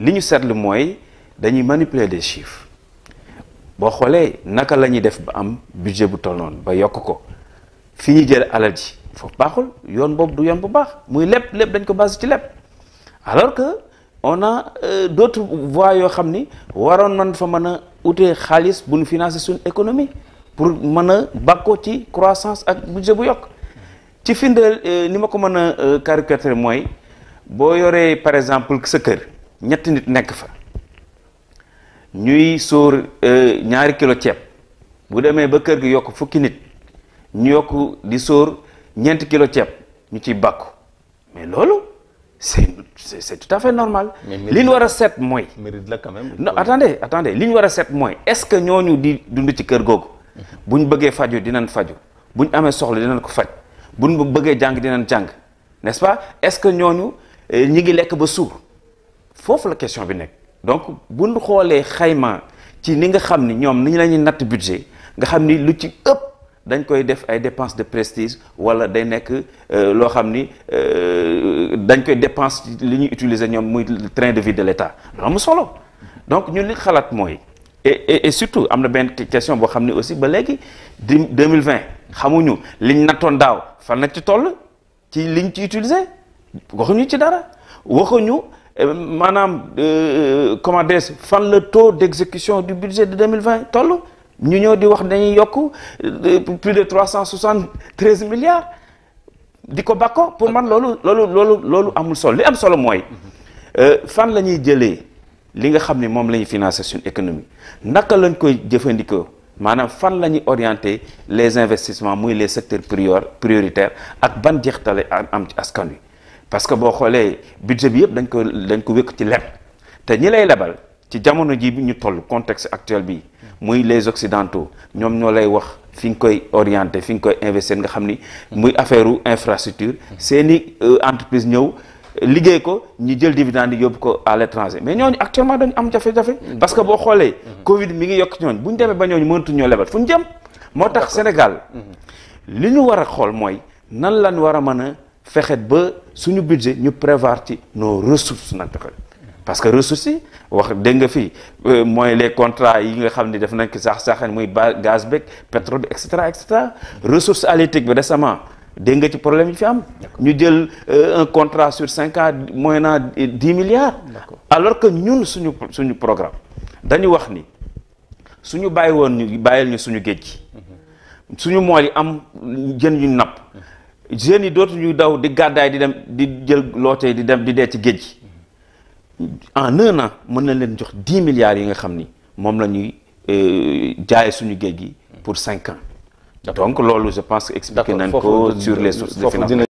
li ñu seetlu mooy dañuy manipuler des chiffres boo xoolee naka la ñuy def ba am budget bu toll noonu ba yokk ko fi ñu jël alal ji foofu baaxul yoon boobu du yoon bu baax muy lépp lépp dañ ko basé ci lépp alors que on a euh, d' autres voies yoo xam ni waroon nañ fa mën a utee xaalis bu ñu financer suñu économie pour mën a bàkkoo ci croissance ak budget bu yokk ci findeel euh, ni ma ko mën a euh, caricature mooy boo yoree par exemple sa kër ñetti nit nekk fa ñuy sóor euh, ñaari kilo ceeb bu demee ba kër gi yokk fukki nit ñu yokk di soor ñeenti kilo ceeb ñu ci bàkku mais loolu c'est c'est tout à fait normal li ñu war a seet mooy mérite la quand même non attendez li ñu war a seet mooy est-ce que ñooñu di dund ci kër googu mhm. buñ bëggee faju dinañ faju buñ amee soxla dinañ ko faj bu ñu bëggee jàng dinañ jàng n'est-ce pas est-ce que ñooñu eh, ñi ngi lekk ba suur foofu la question bi nekk donc bu ñu xoolee xayma ci ni nga xam ni ñoom ni la ñuy natt budget nga xam ni lu ci ëpp dañ koy def ay dépense de prestige wala day nekk euh, loo xam ni euh, dañ koy dépense li ñuy utiliser ñoom muy train de vie de l'État am solo donc ñun li xalaat mooy. et et surtout am na benn question boo xam ne aussi ba léegi di 2020 xamuñu liñ nattoon daaw fan la ci toll ci liñ ci utiliser waxuñu ci dara waxuñu euh, maanaam euh, euh, comment dire fan le taux d'exécution du budget de 2020 toll ñu ñëw di wax dañuy yokku plus de trois cent 373 milliards di ko bakko pour man loolu loolu loolu loolu amul solo li am solo mooy fan la ñuy jëlee. li nga xam ne moom la ñuy financer suñu économie naka lañ koy jëfandikoo maanaam fan la ñuy orienter les investissements muy les secteurs prior prioritaires ak ban jeextale am ci askan wi parce que boo xoolee budget bi yëpp dañ ko dañ ko wékk ci leb te ñi lay lebal ci jamono ji bi ñu toll contexte actuel bi muy les occidentaux ñoom ñoo lay wax fi nga koy orienter fi nga koy investir nga xam ni muy affaire infrastructure seeni euh, entreprise ñëw liggéey ko ñu jël dividende yóbbu ko à l'étranger mais ñooñu actuellement dañu am jafe-jafe mm-hmm. parce que boo xoolee mm-hmm. covid mi ngi yokk ñooñ bu ñu demee ba ñooñu mënatuñoo lebal fu ñu moo tax Sénégal mm-hmm. li ñu war a xool mooy nan lañ war a mën a fexet ba suñu budget ñu prévoir ci nos ressources naturelles parce que ressources yi wax dégg nga fii euh, mooy les contrats yi nga xam ni daf nañ ko sax saxan muy ba gaz beeg pétrole bi et cetera et cetera ressources halieutiques bi dégg nga ci problème yi fi am. ñu jël euh, un contrat sur cinq ans moyennant dix milliards. alors que ñun suñu suñu programme dañu wax ni suñu bàyyi woon ñu bàyyil ñu suñu géej gi mhm. suñu mool yi am jën yu napp jeunes yi dootuñu daw di gàddaay di dem di jël loote di dem di dee ci géej gi en un an mën nañ leen jox dix milliards yi nga xam ni moom la ñuy euh, jaay suñu géej gi pour cinq ans. donc loolu je pense que expliqué nañ ko sur les sources de financement